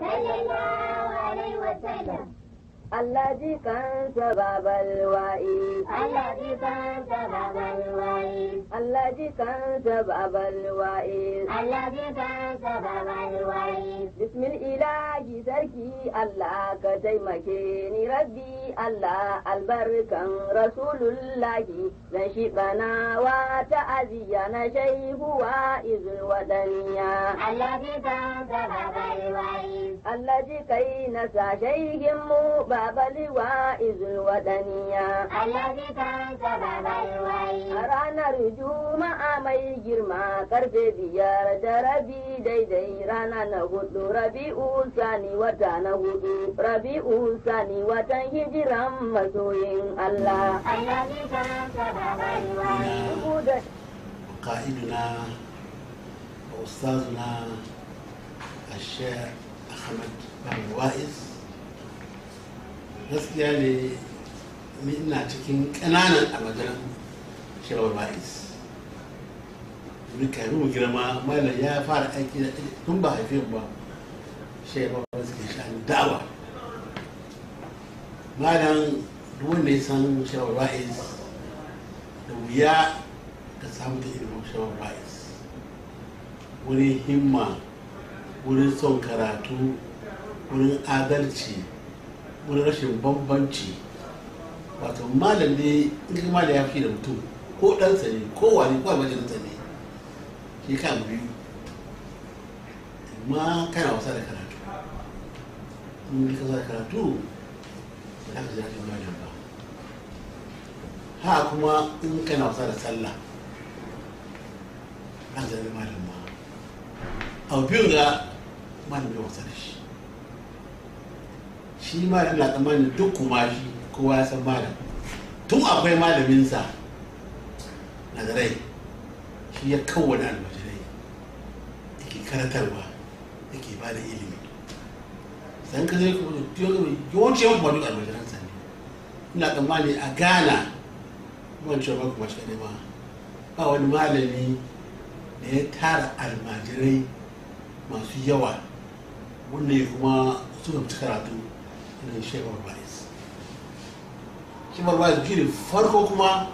صلى الله عليه وسلم الذي كان سبب الوعيد الذي كان سبب الوعيد الذي كان سبب الوعيد الذي كان سبب الوعيد بسم الإله سركي الله كتيمكيني ربي الله البركة رسول الله نشيقنا وتعزينا شيخ وائز الودنيا الذي كان سبب الوعيد الذي كي نسى شيخ مبارك أصحاب لواء ذو الوطنية الذي تنسب بلوي رانا رجوم أمي جرما كرف بيار ربي دي دي رانا نهد ربي أوساني وطن هد ربي أوساني وطن هجرم مسوين الله الذي تنسب بلوي قائدنا وأستاذنا الشيخ أحمد بن وائز gaskiya ne ina cikin ƙananan abadan shawar ba'is wani kafin mu girma malam ya fara aiki da tun ba haife ba shawar ba'is ke sha'an dawa malam duk wanda ya san shawar ba'is da wuya ka samu da ilimin shawar ba'is wani himma wurin son karatu wurin adalci wani rashin bambanci wato malam ne in ma da ya fi da mutum ko ɗansa ne ko wani ko majalisa ne ke ka biyu amma kana wasa da karatu in ka kasa da karatu ba za ka ji daɗin malam ba ha kuma in kana wasa da sallah an zaɓi malam ma abu biyu ga malam ya wasa da shi shi malam na tsammanin duk kuma shi kowa ya san malam tun akwai malaminsa nazarai shi ya kawwana almajirai yake karatarwa yake ba da ilimi san ka zai kuma yawanci yawan kuma duk almajiransa ne ina tsammani a ghana cewa ba kuma shi ma ba wani malami da ya tara almajirai masu yawa wanda ya kuma suka fi karatu ne shekar wise shi wise shi ne farko kuma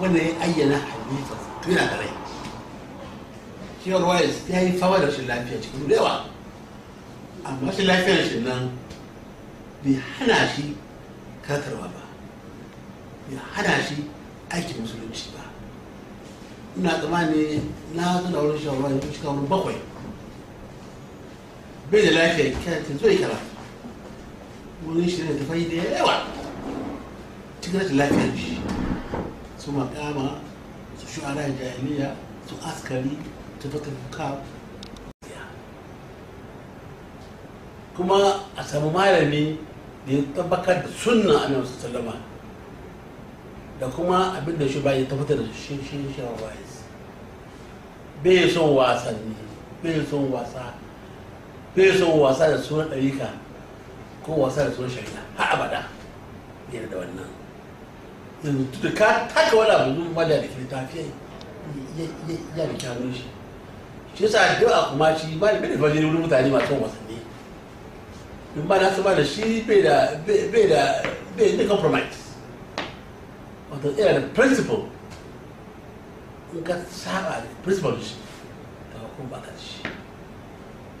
wanda ya ayyana halifa tun yana da rai shekar wise ya yi fama da shi lafiya cikin rewa amma shi lafiyar shi nan bai hana shi katarwa ba bai hana shi aikin musulunci ba ina tsammani na da wurin shawarwa ya cika wani bakwai bai da lafiya kyanatin yi karatu wurin shi ne ta fai da yawa cikin rashin lafiyar shi su makama su shu'ara jahiliya su askari ta fata fuka kuma a samu malami da ya tabbatar da sunna a nan sallama da kuma abin da shi bayan tabbatar da shi shi shi bai son wasanni bai son wasa bai son wasa da sunan ɗarika ko wasa da tsohon shari'a Ha abada ne da wannan yanzu da ka taka wani abu zuwa ma da ke fiye ya da kyamun shi shi yasa duk a kuma shi ba da bai da fajiri wurin mutane masu wasanni in ba na ba da shi bai da bai da bai da compromise wato yana da principle in ka saba da principle shi ta kuma ba ka shi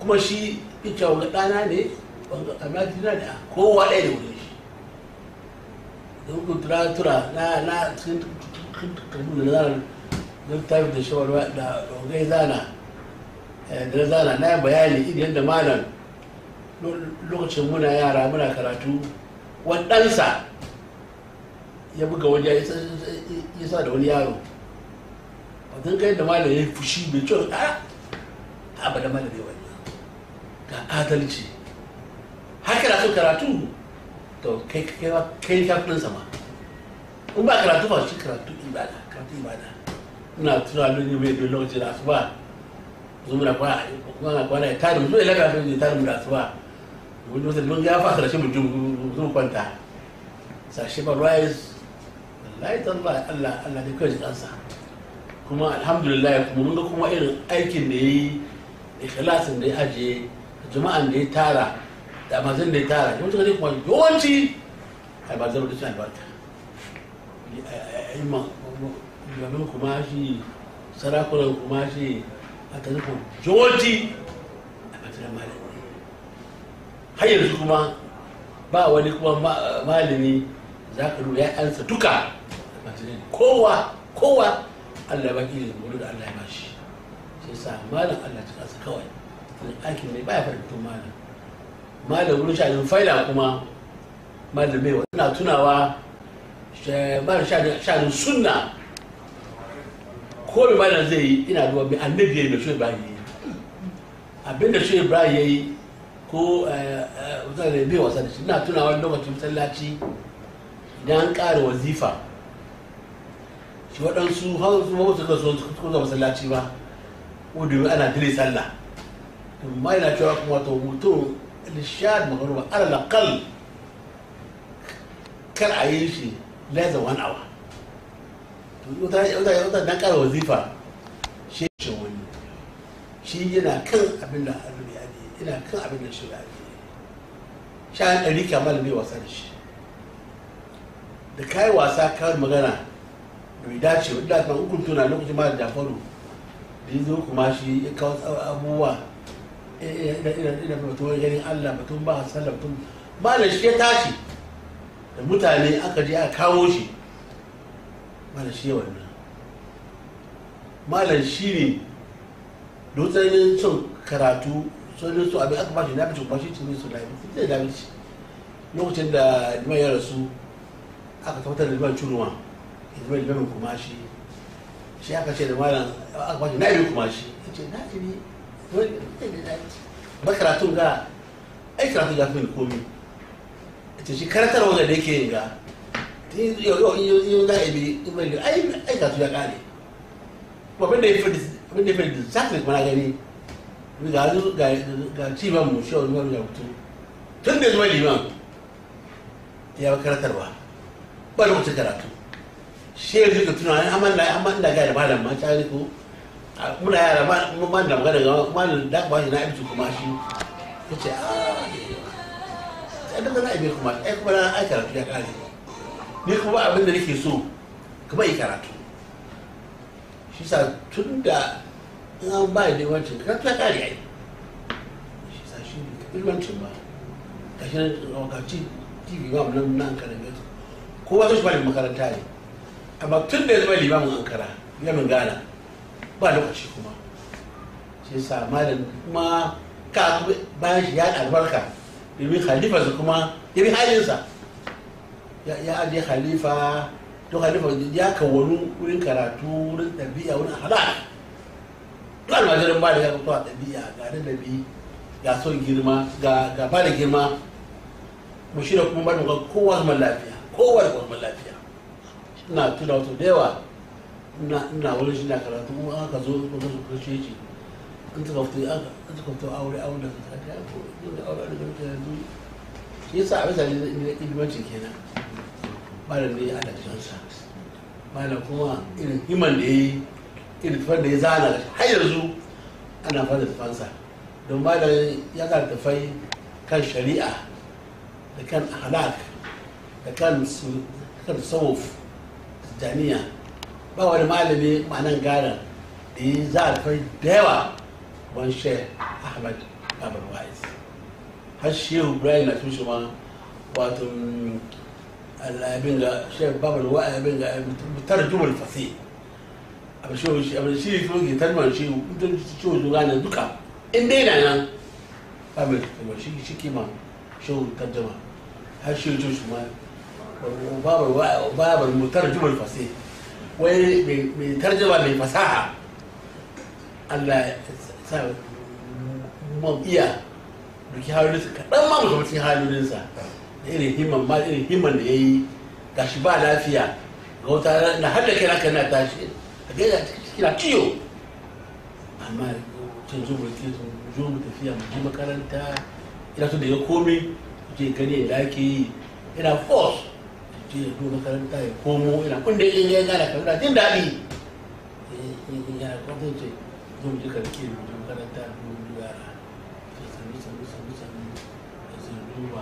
kuma shi ita wani ɗana ne albashi na da kowa ɗaya da wuri don ku tura tura na na cikin karbi da zana don tafi da shawar da ogai zana da zana na bayani irin yadda malam lokacin muna yara muna karatu waɗansa ya buga waje ya sa da wani yaro don kai da malam ya yi fushi mai ce a abada malam ya wani ga adalci har karatu karatu to kai kai ka kudin sama in ba karatu ba shi karatu ibada karatu ibada ina tuna lulli mai don lokaci da asuba zuwa na kwana kwana kwana ya tarin zuwa ila kafin ya tarin da asuba wani wata mun ya fasa da shi mu zuwa kwanta sashe ba rice wallahi tallahi Allah Allah da kai kansa kuma alhamdulillah kuma mun ga kuma irin aikin da yayi ikhlasin da ya ajiye jama'an da ya tara da almajirin da ya tara yawanci kaje kuma yawanci almajirin da suna albarka imamin kuma shi sarakunan kuma shi a ta nufin yawanci almajirin malami har yanzu kuma ba wani kuma malami za ka nuna ya'yansa duka almajirin kowa kowa Allah ba ki da mulu da Allah ya shi sai sa malam Allah ta kasa kawai aikin ne ba ya fara farko malam malamin shaɗin faila kuma malamai wadana tunawa shaɗin eh, sha'anin sunna ko mai malam zai yi ina duwa mai annabi ya yi da su ibrahim ya yi abinda su ibrahim ya yi ko eh, eh, wata da bai wasa da shi ina tunawa lokacin masallaci idan an ƙara wazifa shi waɗansu har su wasu da su kusa masallaci ba wadda ana dire sallah amma yana cewa kuma to mutum lishad magruba alal aqal kar a shi less than one wata wata dan kara wazifa shi shi wani shi yana kan abin da arabi abi yana kan abin da shari'a abi shan ɗari kamar bai wasa da shi da kai wasa kawar magana bai dace wadda kan hukuntuna lokacin ma da jafaru da yi zo kuma shi ya kawo abubuwa ina batun ganin allah batun ba sallah batun malam shi ya tashi da mutane aka je a kawo shi malam shi ya wannan malam shi ne dutsenin son karatu sojoji su abin aka bashi na fi ba shi cikin su da zai dami shi lokacin da liman ya rasu aka tabbatar da liman cunuwa liman liman kuma shi shi aka ce da malam aka bashi na ibi kuma shi ya ce na ibi ba ga ai karatun ga fi komi ita shi karatarwa ga da yake yin ga yau yau za a yi ai karatu ya kare babban da ya fi abin da ya fi zafi kuma na gani ga ga mu shi wani wani yabutu tun da zuwa liman ya karatarwa ba da mutu karatu shi yanzu ka tunanin amman da amman da ga da ma ta ko muna yara ba da magana ga kuma da ba shi na aiki kuma shi ya ce a daga na aiki kuma ai kuma na ai karatu ya kare ni kuma abin da nake so kuma yi karatu shi sa tun da in an ba da yawancin karatu ya kare ai shi sa shi ne ilmancin ba ga shi na wakaci tv ba mu nan karin gasu kowa zai shi ba da makaranta ne amma tun da ya zama limamin ankara ya mun gana ba lokaci kuma shi sa malam kuma ka bayan shi ya albarka domin halifa su kuma ya bi halinsa ya ajiye halifa to halifa ya kawonu wurin karatu wurin ɗabi'a wurin halal duk almajirin ba da ya mutuwa ɗabi'a ga ɗabi ga son girma ga ba da girma mu shirya kuma ba da kowar mallafiya kowar kowa zaman lafiya ina tuna wasu da yawa ina wani shi na karatu kuma aka zo kuma su kashe shi in suka fito aka suka fito aure aure da suka ta ko da aure da mutum yanzu shi yasa a bisa ne ilimancin kenan malam ne a ba malam kuma irin himan da ya yi irin tufar da ya zana har yanzu ana fara fansa don malam ya zana tafai kan shari'a da kan halak da kan kan tasawuf jami'a ba wani malami a nan ghana da yi zarafai da yawa ban shek ahmad babar wa'is har shehu ibrahim na tushe ma wato abin ga shek babar wa'is abin ga tarjumar fasi abin shi shi ke tarjumar shi mutum shi shi gane duka in dai na nan babar shi shi kima shehu tarjuma har shehu tushe ma babar mutarjumar fasi wai mai tarjama mai fasaha allah ya sa mu iya duki halolinsa kaɗan ma mu kama cikin halolinsa da irin himman ma irin himman da ya yi gashi ba lafiya ga wata na har da kai na tashi a ga yana kira ciyo amma can zo mu zo mu tafiya mu je makaranta ina so da ya komai ke gani ya dake yi ina force je ya makaranta ya komo ina jin daɗi ya ce zo ji karke mu makaranta yara ta sami sami sami sami da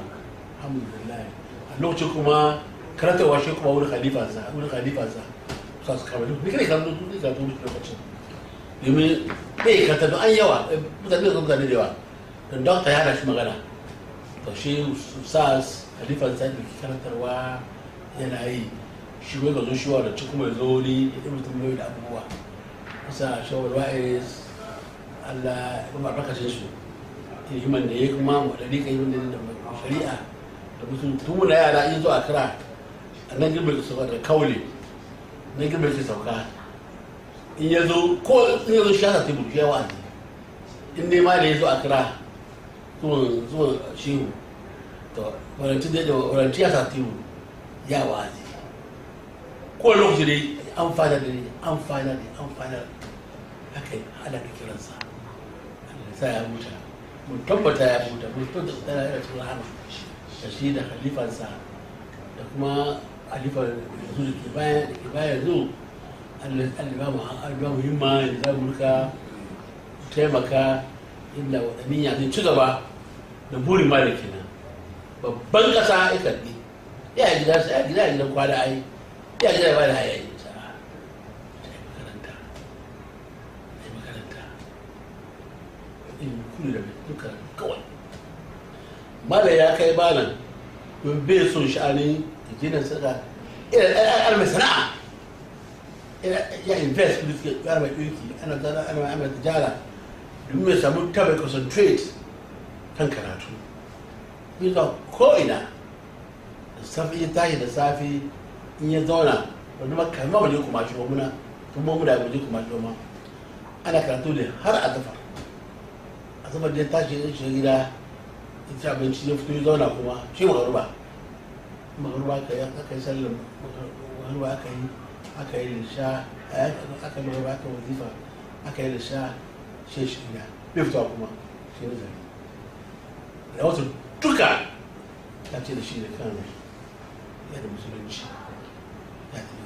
alhamdulillah a lokacin kuma kuma sa su duk kan duk duk lokacin domin bai an yawa mutane mutane da yawa don dokta ya hana shi magana to shi sa khalifansa karantarwa yana yi shi wai zo shi da cikin mai zo wani ya ɗin mutum mai da abubuwa kusa shawar wa'is allah ya kuma albarkacin su himan da ya kuma mu da rika yi da shari'a da mutum tun wuna yara yi zuwa kira a nan girbe su sauka da kawule nan girbe su sauka in ya zo ko in ya zo shi ta tebur ya wa'azi in dai ma da ya zo a kira zuwa shehu to waranci da waranci ya sa tebur ya wazi ko lokaci dai an fada da ni an fada da an fada haka hada da kiransa Allah ya huta mun tabbata ya huta mun tabbata yana da cikin rahama da shi da halifansa da kuma halifar yanzu da ke baya da ke baya yanzu Allah ba an ba mu ya taimaka inda wadannin yanzu ci gaba da burin ma da kenan babban ƙasa ya karɓi ya gida sai a gida gidan kwana ayi ya gida ba da hayayi ta makaranta ta makaranta in da duka kawai mala ya kai malam don bai son sha'anin ginin saka irin mai ya invest ana zara ana amma tijara ya samu tabai concentrate kan karatu. ko ina safi ya tashi da safi in ya zauna wani makamma ma waje kuma shi muna kuma mu da mu je kuma shi ma ana karatu ne har a zafa a zafa da ya tashi ya shiga gida ya ci abinci ya fito ya zauna kuma shi magaruba magaruba aka yi aka yi sallar magaruba aka yi aka yi lisha aka yi magaruba aka wazifa aka yi lisha shi shi gida bai fitowa kuma shi ne zari da wasu duka ta ce da shi da kan benim üzülünç. Şey yani